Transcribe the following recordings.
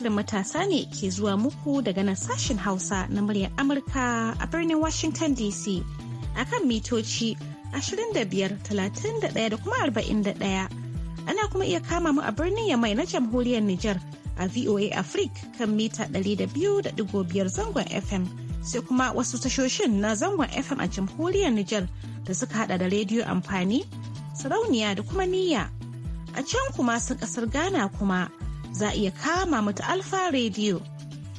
shirin matasa ne ke zuwa muku daga nan sashen Hausa na muryar Amurka a birnin Washington DC kan mitoci 25, da kuma 41. Ana kuma iya kama mu a birnin Yamai na jamhuriyar Nijar a VOA Africa kan mita 200.5 zangon FM. Sai kuma wasu tashoshin na zangon FM a jamhuriyar Nijar da suka hada da rediyo amfani, sarauniya da kuma niyya. A can kuma sun kasar Ghana kuma za a iya kama mutu Alfa Radio.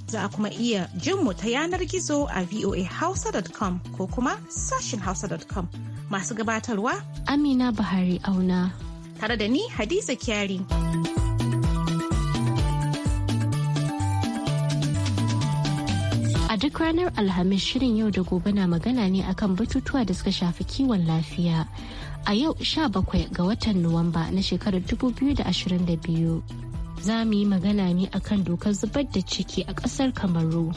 Za a kuma iya jin mu ta yanar gizo a voahausa.com ko kuma sashin hausa.com. Masu gabatarwa Amina Buhari Auna. Tare da ni Hadiza Kyari. A duk ranar Alhamis shirin yau da gobe na magana ne akan batutuwa da suka shafi kiwon lafiya. A yau 17 ga watan Nuwamba na shekarar 2022. za mu yi magana ne akan dokar zubar da ciki a ƙasar kamaru.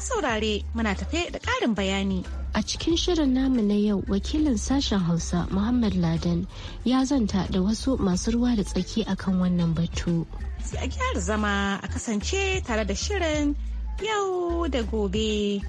saurare muna tafe da ƙarin bayani. A cikin shirin namu na yau wakilin sashen Hausa Muhammad Laden ya zanta da wasu masu ruwa da tsaki akan wannan batu. Sai a gyara zama a kasance tare da shirin yau da gobe.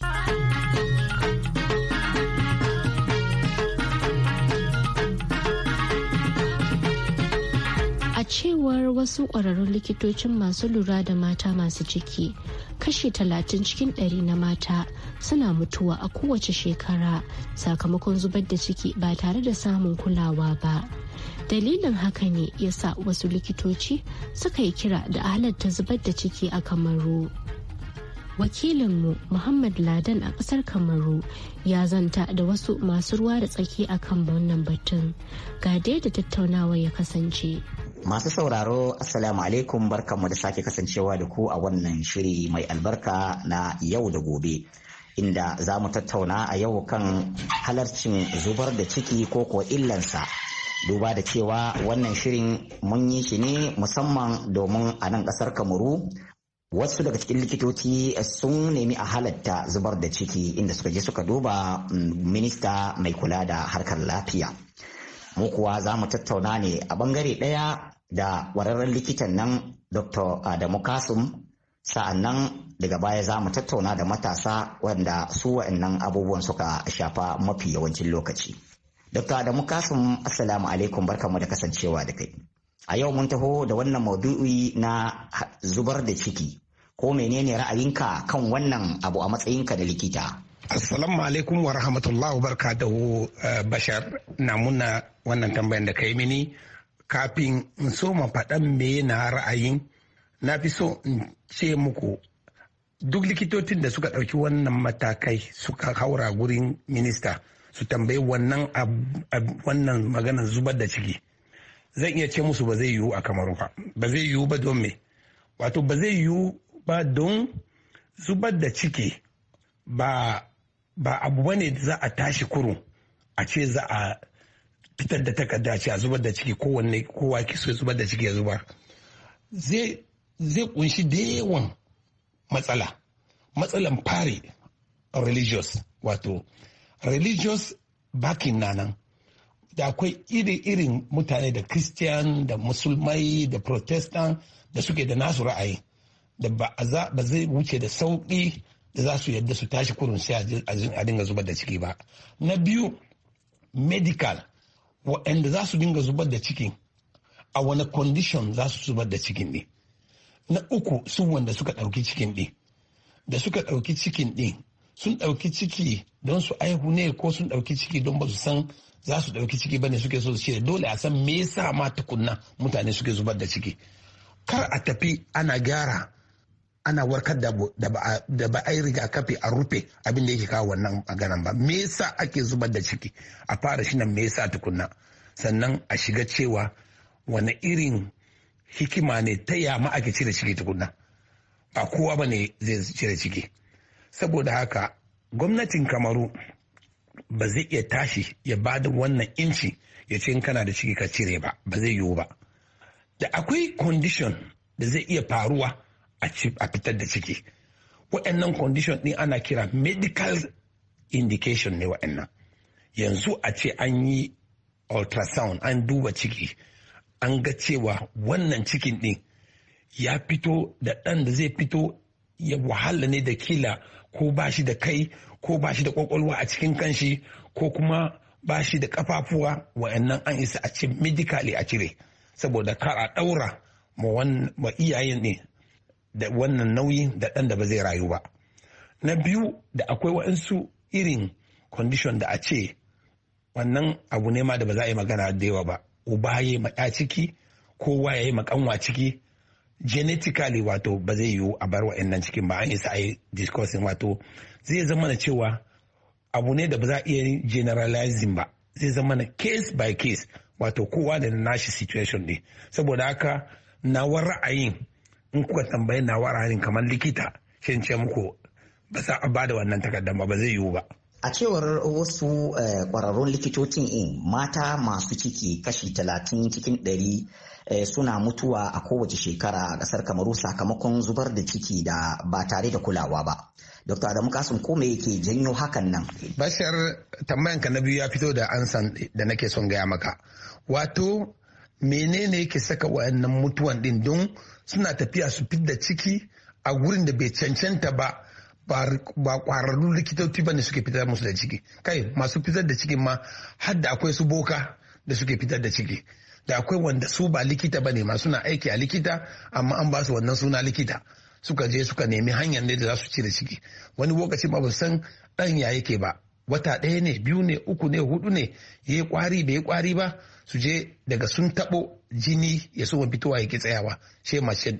cewar wasu ƙwararrun likitocin masu lura da mata masu ciki kashi talatin cikin ɗari na mata suna mutuwa a kowace shekara sakamakon zubar da ciki ba tare da samun kulawa ba dalilin haka ne ya sa wasu likitoci suka yi kira da halatta zubar da ciki a kamaru wakilinmu muhammad ladan a kasar kamaru ya zanta da wasu masu ruwa da tsaki akan wannan batun ga da tattaunawa ya kasance masu sauraro assalamu alaikum barkanmu da sake kasancewa da ku a wannan shiri mai albarka na yau da gobe inda za mu tattauna a yau kan halarcin zubar da ciki ko ko illansa duba da cewa wannan shirin mun yi shi ne musamman domin a nan kasar kamaru wasu daga cikin likitoci eh, sun nemi a halatta zubar da ciki inda suka je suka duba mm, minista mai kula da harkar lafiya mu kuwa za mu tattauna ne a bangare ɗaya da wararren likitan nan dr adamu kasum sa'an nan daga baya za mu tattauna da matasa wanda su wa'annan abubuwan suka shafa mafi yawancin lokaci dr adamu kasum assalamu alaikum barkamu da kasancewa da kai a yau mun taho da wannan maudu'i na zubar da ciki ko menene ra'ayinka kan wannan abu a matsayinka da likita assalamu alaikum wa rahmatullahi barkatuhu eh, bashar na muna wannan tambayan da kai mini kafin in so ma faɗan me na ra'ayin na fi so in ce muku duk likitocin da suka ɗauki wannan matakai suka haura gurin minista su tambayi wannan wannan maganar zubar da ciki zan iya ce musu ba zai yiwu a kamaru ba ba zai yiwu ba don me wato ba zai yiwu ba don zubar da ciki ba ba abu bane da za a tashi kurun a ce za a fitar da takarda ce a zubar da ciki kowanne kowa ki so zubar da ciki ya zubar zai zai kunshi da yawan matsala matsalan fari religious wato religious backing na nan da akwai iri-irin mutane da christian da musulmai da protestant da suke da nasu ra'ayi da ba zai wuce da sauƙi da za su yadda su tashi kurun sai a dinga zubar da ciki ba na biyu medical waɗanda za su dinga zubar da ciki a wani condition za su zubar da cikin ne na uku sun wanda suka ɗauki cikin ɗin da suka ɗauki cikin ɗin sun ɗauki ciki don su aihu ne ko sun ɗauki ciki don ba su san za su ɗauki ciki ba ne suke so su ce dole a san me yasa ma tukunna mutane suke zubar da ciki kar a tafi ana gyara ana warkar da ba a yi rigakafi a rufe abin da yake kawo wannan maganan ba me yasa ake zubar da ciki a fara shi nan me yasa tukunna sannan a shiga cewa wani irin hikima ne ta yama ake cire ciki tukunna ba kowa ba ne zai cire ciki saboda haka gwamnatin kamaru ba zai iya tashi ya ba da wannan inci ya ce in kana da ciki ka cire ba ba zai yiwu ba da akwai condition da zai iya faruwa a fitar da ciki wa'annan condition ɗin ana kira medical indication ne wa'annan yanzu a ce an yi ultrasound an duba ciki an ga cewa wannan cikin ɗin ya fito da ɗan da zai fito ya wahala ne da kila ko ba shi da kai ko ba shi da kwakwalwa a cikin kanshi ko kuma ba shi da kafafuwa wa'annan an isa a ce medically a cire saboda kara ɗaura ma iyayen ɗin. da wannan nauyi da ɗan da ba zai rayu ba na biyu da akwai waɗansu irin condition da a ce wannan abu ne ma da ba za a yi magana da yawa ba uba ya ma maƙa ciki kowa ya yi makanwa ciki genetically wato ba zai yiwu a bar wa'annan cikin ba an isa a yi wato zai zama na cewa abu ne da ba za a iya generalizing ba zai zama na case by case wato kowa da nashi situation ne saboda haka na nawar ra'ayin in kuka tambayi na ra'ayin kamar likita shin ce muku ba sa a bada wannan takardar ba zai yiwu ba a cewar wasu eh, kwararrun likitocin in mata masu ciki kashi talatin cikin ɗari eh, suna mutuwa a kowace shekara a ƙasar kamaru sakamakon zubar da ciki da ba tare da kulawa ba dr adamu kasim ko me yake janyo hakan nan bashar tambayanka na biyu ya fito da ansan da nake son gaya maka wato menene yake saka wayannan mutuwan din don suna tafiya su fidda ciki a gurin da bai cancanta ba ba kwararru likitoci ba ne suke fitar musu da ciki kai masu fitar da ciki ma har da akwai su boka da suke fitar da ciki da akwai wanda su ba likita ba ne ma suna aiki a likita amma an ba su wannan suna likita suka je suka nemi hanyar ne da za su cire ciki wani lokaci ma ba san dan ya yake ba wata ɗaya ne biyu ne uku ne hudu ne ya yi kwari bai yi kwari ba su je daga sun taɓo jini ya so fitowa ya ki tsayawa shi mace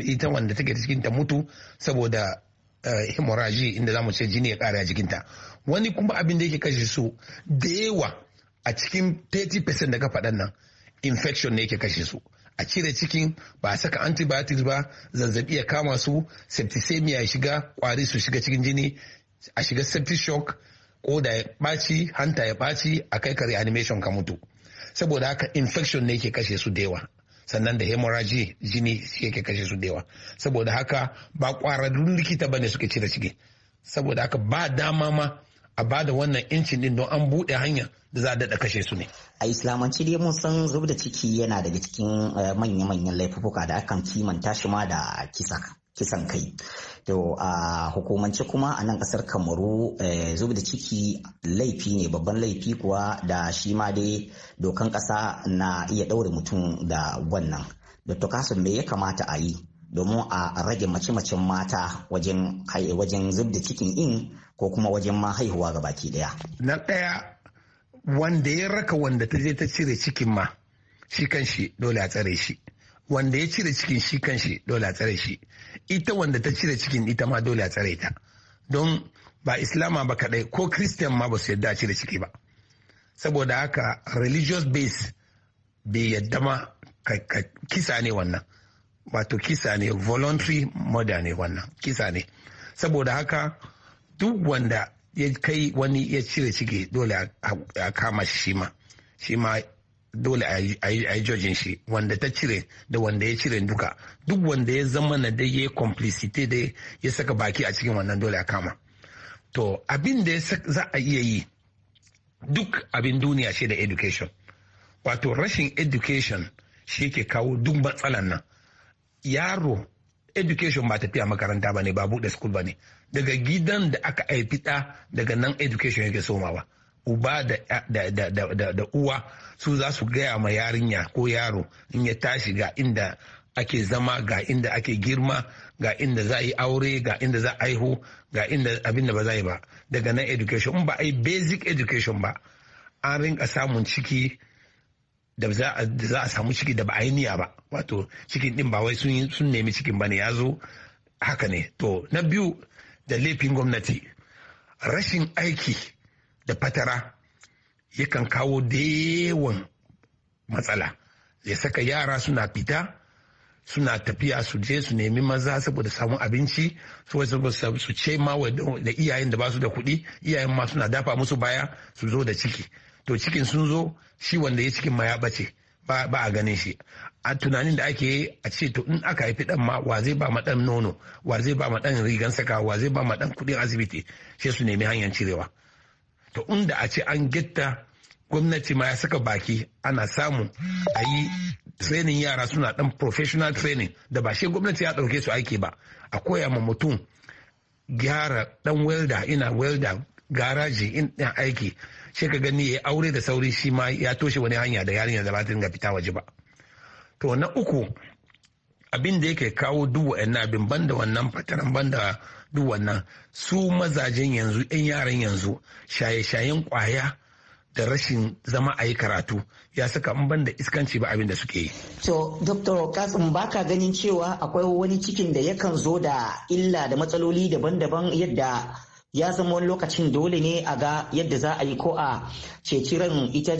ita wanda take cikin ta mutu saboda eh, hemorrhage inda zamu ce jini ya kara a jikinta wani kuma abin da yake kashe su da yawa a cikin 30% daga faɗan nan infection ne yake kashe su a cire cikin ba a saka antibiotics ba zazzabi ya kama su septicemia ya shiga kwari su shiga cikin jini a shiga septic shock koda ya ɓaci hanta ya ɓaci a kai ka animation ka mutu saboda haka infection ne ke kashe su da sannan da hemorrhage jini shi yake kashe su da yawa saboda haka ba kwararrun likita bane suke cire ciki saboda haka ba dama ma a bada wannan incin din don an bude hanya da za a daɗa kashe su ne. A islamanci dai mun san zub da ciki yana daga cikin eh, manya-manyan laifuka da akan kimanta shi ma da kisa. kisan kai to a hukumance kuma a nan kasar kamaru eh, zub da ciki laifi ne babban laifi kuwa da shi ma dai dokan ƙasa na iya ɗaure mutum da wannan dr kasim me ya kamata a yi domin a rage mace-macen mata wajen wajen zub da cikin in ko kuma wajen ma haihuwa ga baki daya na ɗaya wanda ya raka wanda ta je ta cire cikin ma shi kan shi dole a tsare shi wanda ya cire cikin shi kan shi dole a tsare shi ita wanda ta cire cikin ita ma dole a tsare ta don ba islama ba kadai ko christian ma ba su yadda a cire ciki ba saboda haka religious base bai yadda ma kisa ne wannan wato kisa ne voluntary murder ne wannan kisa ne saboda haka duk wanda ya kai wani ya cire ciki dole a kama shi shi ma dole a yi jojin shi wanda ta cire da wanda ya cire duka duk wanda ya zama na dai ya complicity da ya saka baki a cikin wannan dole a kama to abin da za a iya yi duk abin duniya shi da education wato rashin education shi ke kawo duk matsalan nan yaro education ba tafiya makaranta ba ne ba bude school ba ne daga gidan da aka aifita daga nan education yake somawa. ba uba da uwa su za su gaya ma yarinya ko yaro in ya tashi ga inda ake zama ga inda ake girma ga inda za yi aure ga inda za a haihu ga inda abin da ba za yi ba daga nan education in ba a yi basic education ba an rinka samun ciki da za a samu ciki da ba a yi niyya ba wato cikin din ba wai sun nemi cikin ba ne ya zo haka ne to na biyu da laifin gwamnati rashin aiki da fatara yakan kawo yawan matsala ya saka yara suna fita suna tafiya su je su nemi maza saboda samun abinci su ce ma da iyayen da basu da kuɗi iyayen ma suna dafa musu baya su zo da ciki to cikin sun zo shi wanda ya cikin ma ya bace ba a ganin shi a tunanin da ake yi a ce to in aka haifi dan ma wa zai ba ma nono wa zai ba ma rigan saka wa zai ba ma dan kuɗin asibiti sai su nemi hanyar cirewa to inda a ce an gitta gwamnati ma ya saka baki ana samu a yi training yara suna dan professional training da ba shi gwamnati ya dauke su aiki ba a koya ma mutum gyara dan welda ina welda garaji ina aiki shi ka gani ya aure da sauri shi ma ya toshe wani hanya da yarinya da ba ga fita waje ba to na uku abin da yake kawo duk wa'annan abin banda wannan fataran banda duk wannan su mazajen yanzu 'yan yaran yanzu shaye-shayen kwaya da rashin zama a yi karatu ya saka in da iskanci ba abin da suke yi. To, Dr. Kasim baka ganin cewa akwai wani cikin da yakan zo da illa da matsaloli daban-daban yadda ya zama wani lokacin dole ne a ga yadda za a yi ko a ceci ran ita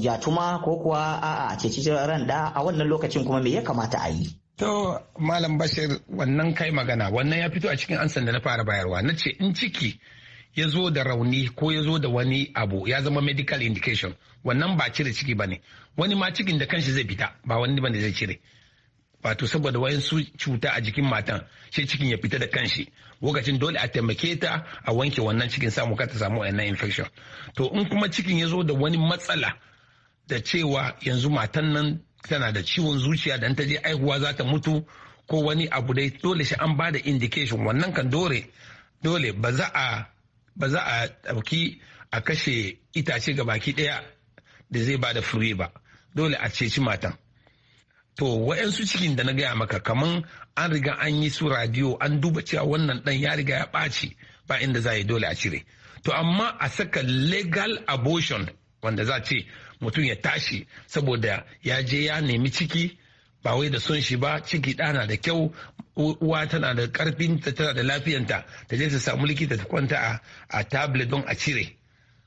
jatuma ko kuwa a ceci ran da a wannan lokacin kuma me ya kamata a yi. To Malam Bashir wannan kai magana wannan ya fito a cikin ansan da na fara bayarwa na ce in ciki ya zo da rauni ko ya zo da wani abu ya zama medical indication wannan ba cire ciki ba ne wani ma cikin da kanshi zai fita ba wani bane zai cire wato saboda wayansu cuta a jikin matan sai cikin ya fita da kanshi lokacin dole a taimake ta a wanke wannan cikin samu ka ta samu wannan infection to in kuma cikin ya zo da wani matsala da cewa yanzu matan nan tana da ciwon zuciya da ta je aihuwa za ta mutu ko wani abu dai dole shi an bada indication wannan kan dole dole ba za a ba za a ɗauki a kashe itace ga baki ɗaya da zai bada fure ba dole a ceci matan to wa'yansu cikin da na gaya maka kaman an riga an yi su radio an duba cewa wannan ɗan ya riga ya baci ba inda za yi dole a cire to amma a saka legal abortion wanda za ce mutum ya tashi saboda ya je ya nemi ciki ba wai da son shi ba ciki ɗana da kyau uwa tana da karfin ta tana da lafiyanta ta je ta samu likita ta kwanta a tablet don a cire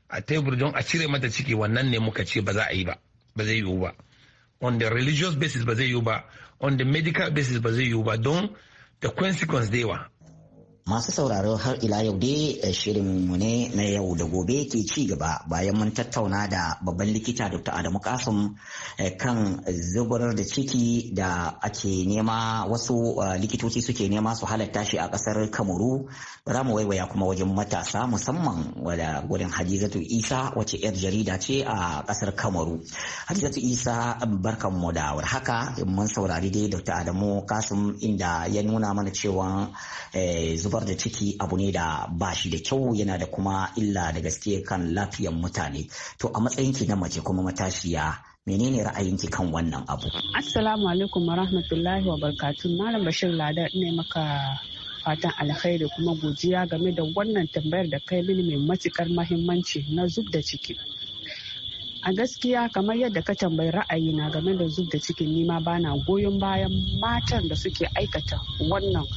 a tebur don a cire mata ciki wannan ne muka ce ba za a yi ba ba zai yiwu ba on the religious basis ba zai yiwu ba on the medical basis ba zai yiwu ba don the consequence da yawa Masu sauraro har ila yau dai eh, shirin mu ne na yau da gobe ke ci gaba bayan mun tattauna da babban likita Dr. Adamu Kasum eh, kan zubar da ciki da ake nema wasu eh, likitoci suke nema su halatta shi a kasar Kamaru za mu waiwaya kuma wajen matasa musamman wada gurin Hadizatu Isa wace yar jarida ce a kasar Kamaru. Hadizatu Isa barkan mu da warhaka mun saurari dai Dr. Adamu Kasum inda ya nuna mana cewa zubar da ciki abu ne da ba shi da kyau yana da kuma illa da gaske kan lafiyar mutane to a matsayinki na mace kuma matashiya menene ra'ayinki kan wannan abu assalamu alaikum warahmatullahi wabarakatuh malam bashir ladar ne maka fatan alkhairi kuma gujiya game da wannan tambayar da kai mini mai matukar muhimmanci na zub da ciki a gaskiya kamar yadda ka tambayi ra'ayi na game da zub da cikin nima bana goyon bayan matan da suke aikata wannan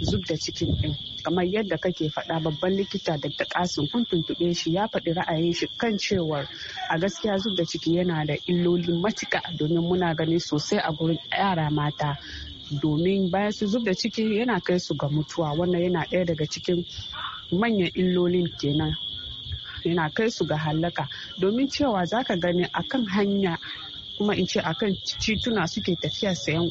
zub da cikin din kamar yadda kake faɗa babban likita da kasin kun tuntuɓe shi ya faɗi ra'ayin shi kan cewar a gaskiya zub da ciki yana da illoli matuka domin muna gani sosai a gurin yara mata domin bayan su zub da ciki yana kai su ga mutuwa wannan yana ɗaya daga cikin manyan illolin kenan yana kai su ga halaka domin cewa zaka gani akan hanya kuma in ce akan tituna suke tafiya sayan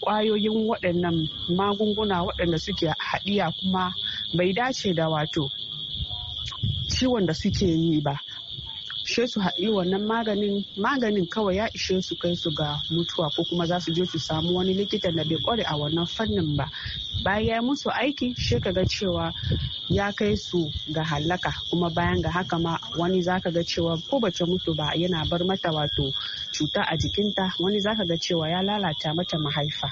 kwayoyin waɗannan magunguna waɗanda suke haɗiya kuma bai dace da wato ciwon da suke yi ba ishe su haɗi wannan maganin maganin kawai ya ishe su kai su ga mutuwa ko kuma za su je su samu wani likitan da bai kware a wannan fannin ba bayan ya musu aiki shi ka ga cewa ya kai su ga hallaka kuma bayan ga haka ma wani ka ga cewa ko bace mutu ba yana bar mata wato cuta a jikinta wani ka ga cewa ya lalata mata mahaifa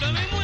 domin mu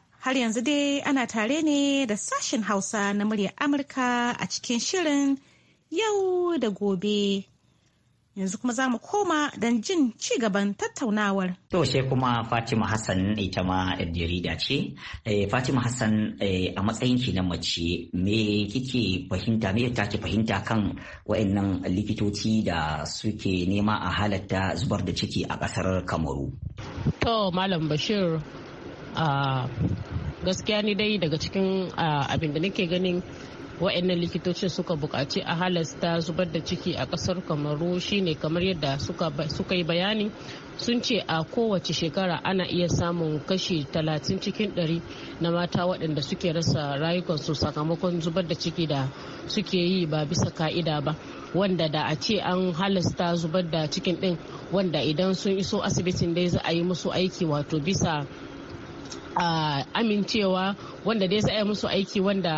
har yanzu dai ana tare ne da sashen hausa na muryar amurka a cikin shirin yau da gobe yanzu kuma za mu koma don jin ci gaban tattaunawar. To sai kuma Fatima Hassan ita ma jarida ce. Eh, Fatima Hassan eh, a matsayin ki na mace me kike fahimta me ta ke fahimta kan waɗannan likitoci da suke nema a halatta zubar da ciki a ƙasar Kamaru. To Malam Bashir gaskiya ni dai daga cikin abin da nake ganin wa'annan likitocin suka bukaci a halasta zubar da ciki a ƙasar kamaru shine kamar yadda suka yi bayani sun ce a kowace shekara ana iya samun kashi 30 cikin 100 na mata waɗanda suke rasa rayukansu sakamakon zubar da ciki da suke yi ba bisa ka'ida ba wanda da a ce an halasta zubar da cikin ɗin wanda idan sun iso asibitin dai za a yi musu aiki wato bisa uh, amincewa wanda dai sai musu aiki wanda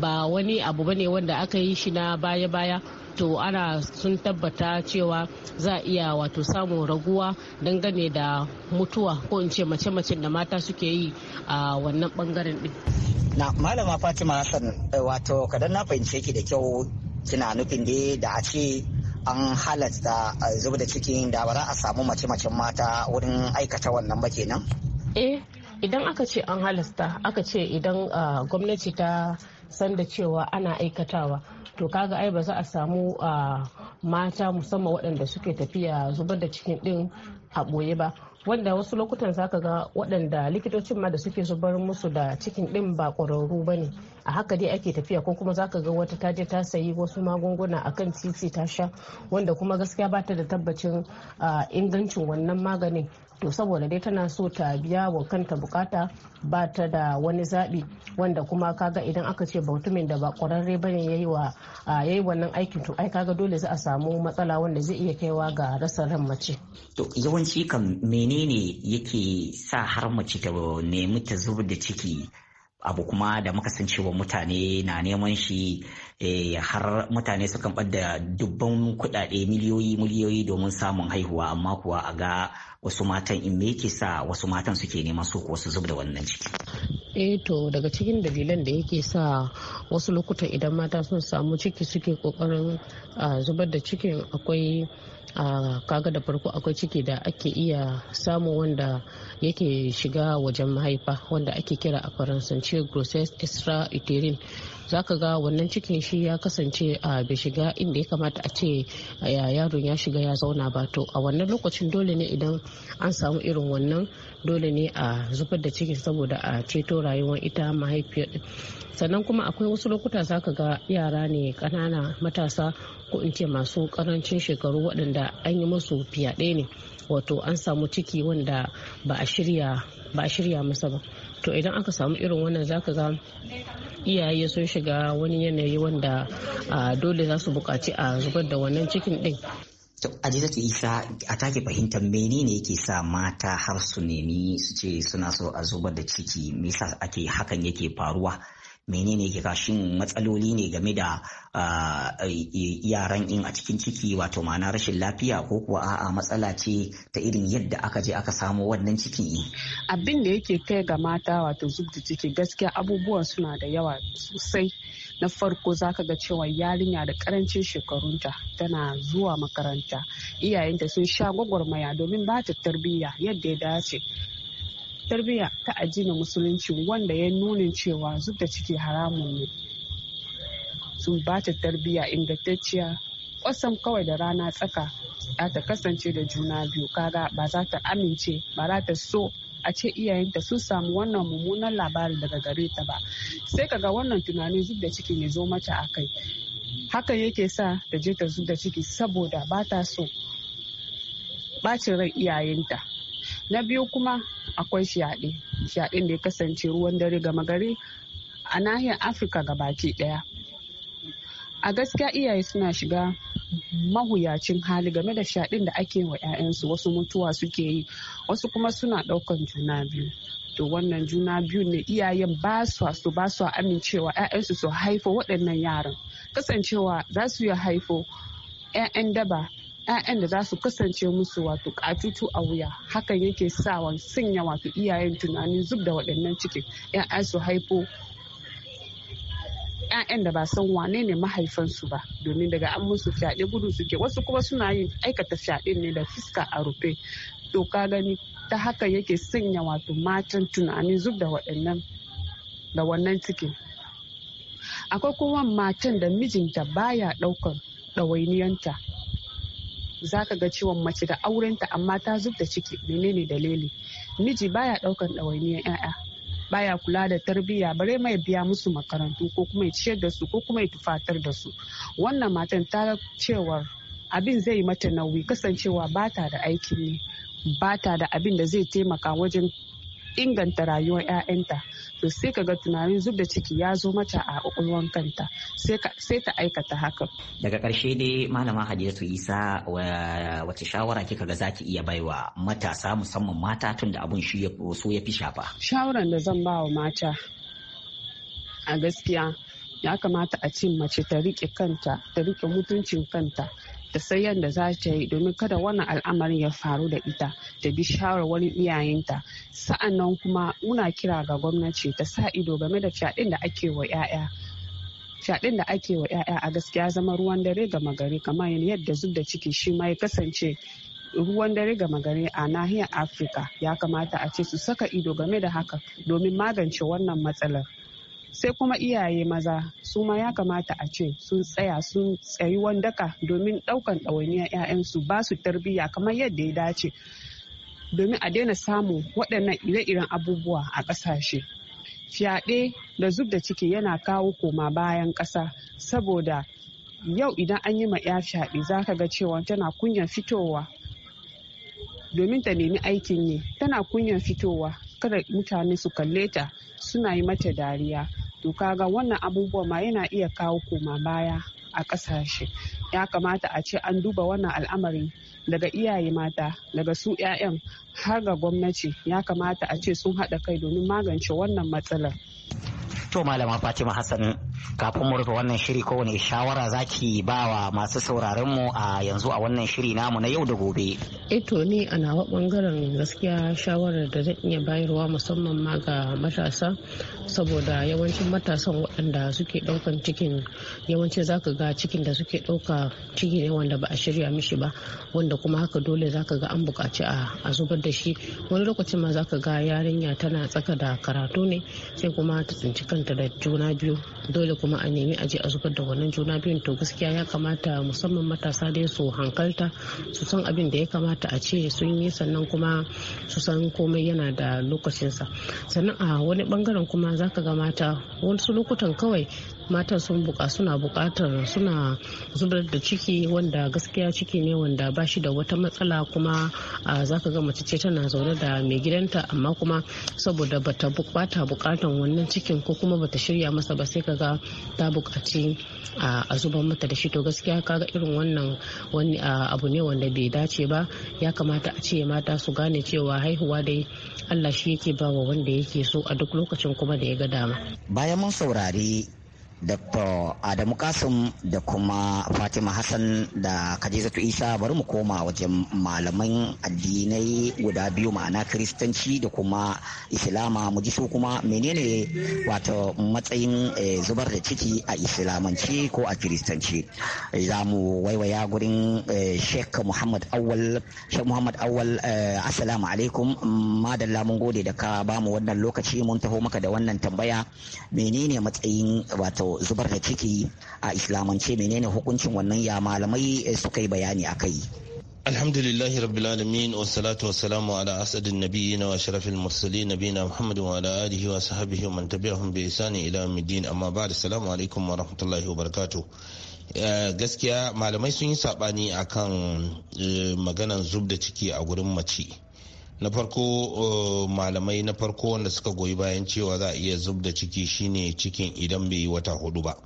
ba wani abu bane wanda aka yi shi na baya-baya to ana sun tabbata cewa za a iya wato samun raguwa dangane da mutuwa ko in ce mace-macen da mata suke yi a uh, wannan bangaren din. na malama fatima hassan eh, wato kadan na fahimce ki da kyau kina nufin dai da a ce an halatta zuba da cikin da ba a samu mace-macen mata wurin aikata wannan ba kenan? eh idan aka ce an halasta aka ce idan gwamnati ta san da cewa ana aikatawa to kaga ai ba za a samu mata musamman waɗanda suke tafiya zubar da cikin ɗin a ɓoye ba wanda wasu lokutan zaka ga waɗanda likitocin ma da suke zubar musu da cikin ɗin ba ƙwararru ba ne a haka dai ake tafiya ko kuma zaka ga wata taje ta sayi wasu magunguna akan titi ta sha wanda kuma gaskiya ba ta da tabbacin ingancin wannan maganin to saboda dai tana so ta biya wa kanta bukata ba ta da wani zaɓi wanda kuma kaga idan aka ce mutumin da ba ƙwararre ba ne yayi wa yayi wannan aikin to ai kaga dole za a samu matsala wanda zai iya kaiwa ga rasa ran mace to yawanci kan menene yake sa har mace ta nemi ta zubar da ciki abu kuma da muka san cewa mutane na neman shi Eh, har mutane sukan ɓadda dubban kuɗaɗe miliyoyi miliyoyi domin samun haihuwa amma kuwa a ga wasu matan in me yake sa wasu matan suke neman su ko su zub da wannan ciki. eh to daga cikin dalilan da yake sa wasu lokuta idan mata sun samu ciki suke kokarin zubar da cikin akwai a kaga da farko akwai ciki da ake iya samu wanda yake shiga wajen mahaifa wanda ake kira a faransanci grossesse extra uterine zaka ga wannan cikin shi ya kasance a bai shiga inda ya kamata a ce yaron ya shiga ya zauna ba to a wannan lokacin dole ne idan an samu irin wannan dole ne a zubar da cikin saboda a ceto rayuwar ita mahaifiyar sannan kuma akwai wasu lokuta zaka ga yara ne kanana matasa ko in ce masu karancin shekaru waɗanda an yi musu fiyaɗe ne wato an samu ciki wanda ba a shirya masa ba to idan aka samu irin wannan zaka ga iyaye sun shiga wani yanayi wanda dole za su buƙaci a zubar da wannan cikin ɗin To Azizatu Isa a take fahimtar menene yake sa mata har su nemi su ce suna so a zubar da ciki me yasa ake hakan yake faruwa menene ke kashin matsaloli ne game da yaran in a cikin ciki wato ma'ana rashin lafiya ko kuwa a'a matsala ce ta irin yadda aka je aka samo wannan cikin eh? abin da yake kai ga mata wato zub da ciki gaskiya abubuwan suna da yawa sosai na farko zaka ga cewa yarinya da karancin shekarunta tana zuwa makaranta iyayenta sun sha gwagwarmaya domin ba ta tarbiyya yadda ya dace tarbiyya ta addinin musulunci wanda ya nuna cewa zub da ciki haramun ne sun ba ta tarbiyya ingantacciya kwasan kawai da rana tsaka za ta kasance da juna biyu kaga ba za ta amince ba za ta so a ce iyayenta sun samu wannan mummunan labari daga gare ta ba sai kaga wannan tunanin zub da ciki ne zo mata a kai hakan yake sa ta je ta zub da ciki saboda ba ta so bacin rai iyayenta na biyu kuma akwai shaɗe fyaɗen da ya kasance ruwan dare gama gari a nahiyar afirka baki ɗaya a gaskiya iyaye suna shiga mahuyacin hali game da shaɗin da ake wa 'ya'yansu wasu mutuwa suke yi wasu kuma suna ɗaukan juna biyu to wannan juna biyu ne iyayen ba su su ba su amincewa 'ya'yansu su haifo waɗannan yaran kasancewa za su iya haifo 'ya'yan daba ƴaƴan da za su kasance musu wato katutu a wuya hakan yake sawa sanya wato iyayen tunanin zub da waɗannan cikin ƴaƴan su haifo ƴaƴan da ba san wane ne mahaifansu ba domin daga an musu fyaɗe gudu suke wasu kuma suna yin aikata fyaɗe ne da fuska a rufe to ka gani ta haka yake sanya wato matan tunanin zub da waɗannan da wannan cikin akwai kuma matan da mijinta baya ɗaukan ɗawainiyanta zaka ga ciwon mace da aurenta amma ta zubta ciki menene dalili miji baya daukan ɗawainiyar 'ya'ya baya kula da tarbiyya bare mai biya musu makarantu ko kuma ya ciyar da su ko kuma ya tufatar da su wannan matan ta cewar abin zai mata nauyi kasancewa bata da aikin ne bata da abin da zai taimaka wajen inganta rayuwar 'ya'yanta to sai ka ga tunanin zub da ciki ya zo mata a kwakwalwan kanta sai ta aikata haka daga ƙarshe dai malama hadiyatu isa wace shawara kika ga zaki iya baiwa matasa musamman mata tun da abun shi so ya fi shafa shawaran da zan ba wa mata a gaskiya ya kamata a ce mace ta riƙe kanta ta riƙe mutuncin kanta da sayan da za ta yi domin kada wannan al'amarin ya faru da ita ta bi shawarwarin iyayenta sa'an nan kuma muna kira ga gwamnati ta sa ido game da fyaɗin da ake wa 'ya'ya fyaɗin da ake wa 'ya'ya a gaskiya zama ruwan dare gama gari kamar yadda zub da ciki shi ma ya kasance ruwan dare gama gari a nahiyar afirka ya kamata a ce su saka ido game da haka domin magance wannan matsalar sai kuma iyaye maza su ma ya kamata a ce sun tsaya sun tsayi wandaka domin ɗaukan ɗawainiyar 'ya'yansu ba su tarbiyya kamar yadda ya dace domin a daina samun waɗannan ire-iren abubuwa a ƙasashe fyaɗe da zub da ciki yana kawo koma bayan ƙasa saboda yau idan an yi ma 'ya fyaɗe za ka ga cewa tana kunyan fitowa domin ta nemi aikin yi tana kunyan fitowa kada mutane su kalle ta suna yi mata dariya to kaga wannan abubuwan ma yana iya kawo koma baya a ƙasashe ya kamata a ce an duba wannan al'amari daga iyaye mata daga su 'ya'yan har ga gwamnati ya kamata a ce sun haɗa kai domin magance wannan matsalar to malama fatima hassan kafin mu rufe wannan shiri kowane shawara zaki ba wa masu sauraron mu a yanzu a wannan shiri namu na yau da gobe eto eh ni a nawa bangaren gaskiya shawarar da zan iya bayarwa musamman ma ga matasa saboda yawancin matasan waɗanda suke ɗaukan cikin yawanci zaka ga cikin da suke ɗauka ciki ne wanda ba a shirya mishi ba wanda kuma haka dole zaka ga an buƙaci a zubar da shi wani lokacin ma zaka ga yarinya tana tsaka da karatu ne sai kuma ta tsinci kanta da juna biyu dole dole kuma a nemi aje a zubar da wannan juna biyun to gaskiya ya kamata musamman matasa dai su hankalta su san abin da ya kamata a ce sun yi sannan kuma su san komai yana da lokacinsa sannan a wani bangaren kuma zaka ga mata wasu lokutan kawai matan sun buka suna bukatar suna zubar da ciki wanda gaskiya ciki ne wanda ba shi da wata matsala kuma zaka ga mace ce tana zaune da mai gidanta amma kuma saboda bata bukata bukatan wannan cikin ko kuma bata shirya masa ba sai kaga ta bukaci a zubar mata da shi to gaskiya kaga irin wannan wani abu ne wanda bai dace ba ya kamata a ce mata su gane cewa haihuwa dai Allah shi yake bawa wanda yake so a duk lokacin kuma da ya ga dama bayan mun saurari Dr. Adamu Kasim da kuma Fatima Hassan da Khadijatu Isa bari mu koma wajen malaman addinai guda biyu ma'ana Kiristanci da kuma Islama mu ji su kuma menene wato matsayin eh, zubar da ciki a Islamanci ko a Kiristanci. Eh, za mu waiwaya gurin eh, Sheikh Muhammad Awal Sheikh Muhammad Awal Assalamu alaikum madalla mun gode da ka bamu wannan lokaci mun taho maka da wannan tambaya menene matsayin wato zubar da ciki a islamance menene hukuncin wannan ya malamai eh, suka yi bayani a kai alhamdulillahi rabbil alamin wa salatu wa salamu ala asadin na wa sharafin sharafil mursalin nabiyina muhammad wa ala alihi wa sahbihi wa man tabi'ahum bi ihsani ila yawmiddin amma da salamu alaikum wa rahmatullahi wa barakatuh eh, gaskiya malamai sun yi sabani akan eh, maganan zub da ciki a gurin mace na farko uh, malamai na farko wanda suka goyi bayan cewa za a iya zub da ciki shine cikin idan bai yi wata hudu ba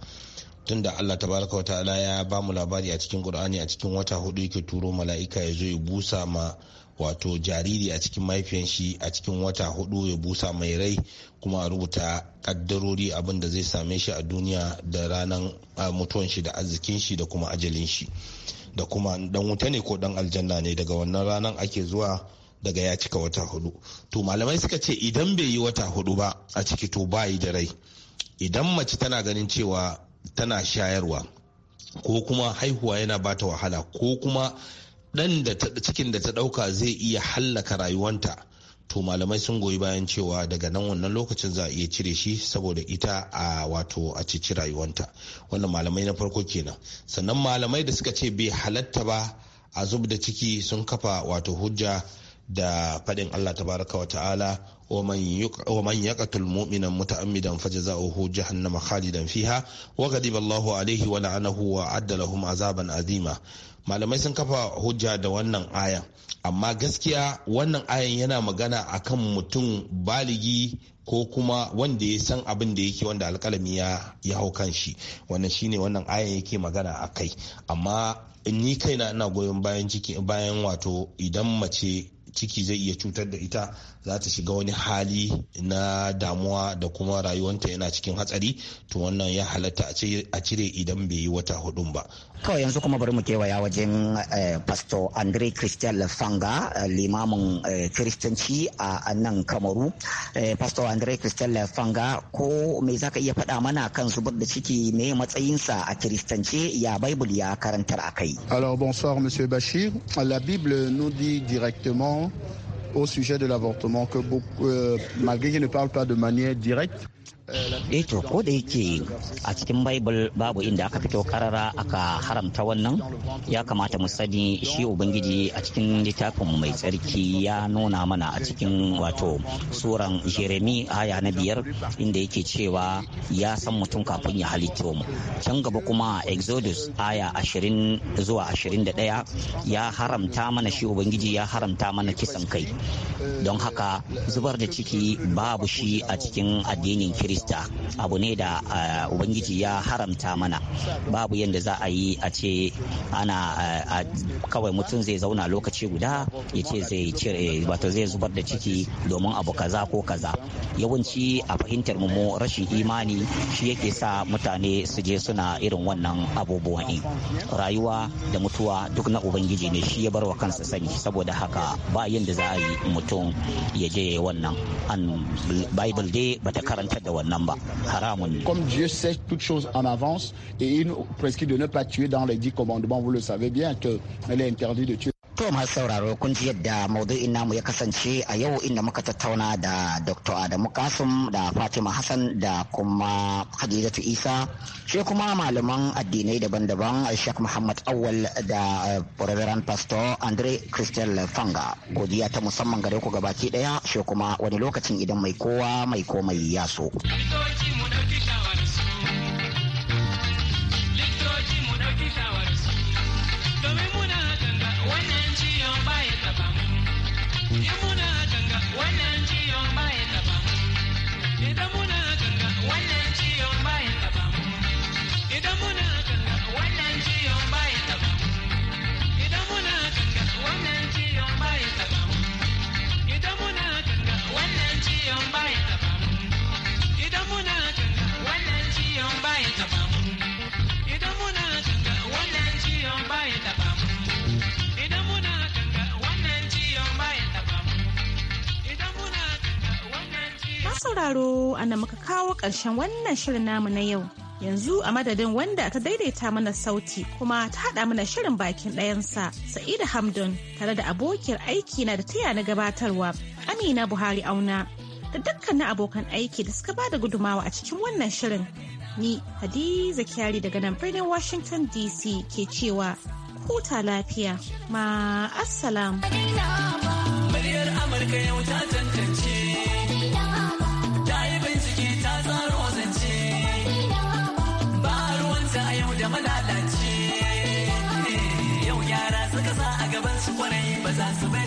tunda Allah ta baraka wa ta'ala ya ba mu labari a cikin Qur'ani a cikin wata hudu yake turo mala'ika ya zo ya busa ma wato jariri a cikin mahaifiyan shi a cikin wata hudu ya busa mai rai kuma a rubuta kaddarori abin da zai same shi a duniya da ranar mutuwan shi da arzikin shi da kuma ajalin shi da kuma dan wuta ne ko dan aljanna ne daga wannan ranar ake zuwa daga ya cika wata hudu to malamai suka ce idan bai yi wata hudu ba a ciki to bayi da rai idan mace tana ganin cewa tana shayarwa ko kuma haihuwa yana bata wahala ko kuma ɗan da cikin da ta ɗauka zai iya hallaka rayuwanta to malamai sun goyi bayan cewa daga nan wannan lokacin za a iya cire shi saboda ita a wato a cici rayuwanta wannan malamai na farko kenan sannan malamai da suka ce bai halatta ba a zub da ciki sun kafa wato hujja da faɗin Allah tabaraka wa ta'ala ومن يقتل مؤمنا متعمدا khalidan fiha خالدا فيها وغضب wa عليه ولعنه وعد لهم azaban azima. malamai sun kafa hujja da wannan ayan amma gaskiya wannan ayan yana magana akan mutum baligi ko kuma wanda ya san abin da yake wanda alkalami ya ya hau kan shi wannan shine wannan ayan yake magana akai kai amma ni kaina ina goyon bayan ciki bayan wato idan mace ciki zai iya cutar da ita za ta shiga wani hali na damuwa da kuma rayuwanta yana cikin hatsari to wannan ya halatta a cire idan bai yi wata hudun ba kawai yanzu kuma bari mu kewaya wajen eh, pastor andre christian lafanga eh, limamin eh, kiristanci a nan kamaru pastor andre christian lafanga ko me za ka iya faɗa mana kan zubar da ciki me matsayinsa a kiristance ya baibul ya karantar a kai alors bonsoir monsieur bashir la bible nous dit directement au sujet de l'avortement que beaucoup, euh, malgré qu'ils ne parlent pas de manière directe, eh to ko da yake a cikin bible babu inda aka fito karara aka haramta wannan ya kamata mu sani shi ubangiji a cikin littafin mai tsarki ya nuna mana a cikin wato suran jeremi aya na biyar inda yake cewa ya san mutum kafin ya halitto mu can gaba kuma exodus aya 20 zuwa ashirin da ɗaya ya haramta mana shi ubangiji ya haramta mana kisan kai don haka zubar da ciki babu shi a cikin addinin kirista abu ne da ubangiji ya haramta mana babu yadda za a yi a ce ana kawai mutum zai zauna lokaci guda ya ce zai cire wato zai zubar da ciki domin abu kaza ko kaza yawanci a fahimtar mu rashin imani shi yake sa mutane su je suna irin wannan abubuwan rayuwa da mutuwa duk na ubangiji ne shi ya bar wa kansa sani saboda haka ba yadda za a yi mutum ya je wannan an bible dai bata karanta comme Dieu sait toutes choses en avance et il nous prescrit de ne pas tuer dans les dix commandements vous le savez bien que est interdit de tuer To masu sauraro kun ji yadda maudu'in mu ya kasance a yau inda muka tattauna da Dr. Adamu Kasum da Fatima Hassan da kuma Hadizatu Isa shi kuma malaman addinai daban-daban Sheikh Muhammad Awal da eh, Reverend Pastor Andre Christian Fanga. Godiya ta musamman gare ku gabaki daya shi kuma wani lokacin idan mai kowa mai komai ya so. Likitoci mu ɗauki Likitoci mu ɗauki shawararsu. wannan ciyon baya taba mu in muna ganga wannan ciyon baya taba mu idan muna ganga wannan ciyon baya taba mu idan muna muna ganga wannan ciyon baya taba mu idan muna muna ganga wannan ciyon baya taba mu idan sauraro ana muka kawo ƙarshen wannan shirin namu na yau. Yanzu a madadin wanda ta daidaita mana sauti kuma ta haɗa mana shirin bakin ɗayansa Sa'ida Hamdun tare da abokiyar aiki na da taya na gabatarwa Amina Buhari Auna da dukkanin abokan aiki da suka ba da gudumawa a cikin wannan shirin. Ni Hadiza Kyari daga nan birnin Washington DC ke cewa huta lafiya ma assalam. Muryar Amurka yau ta tantance. kwarai ba za su bai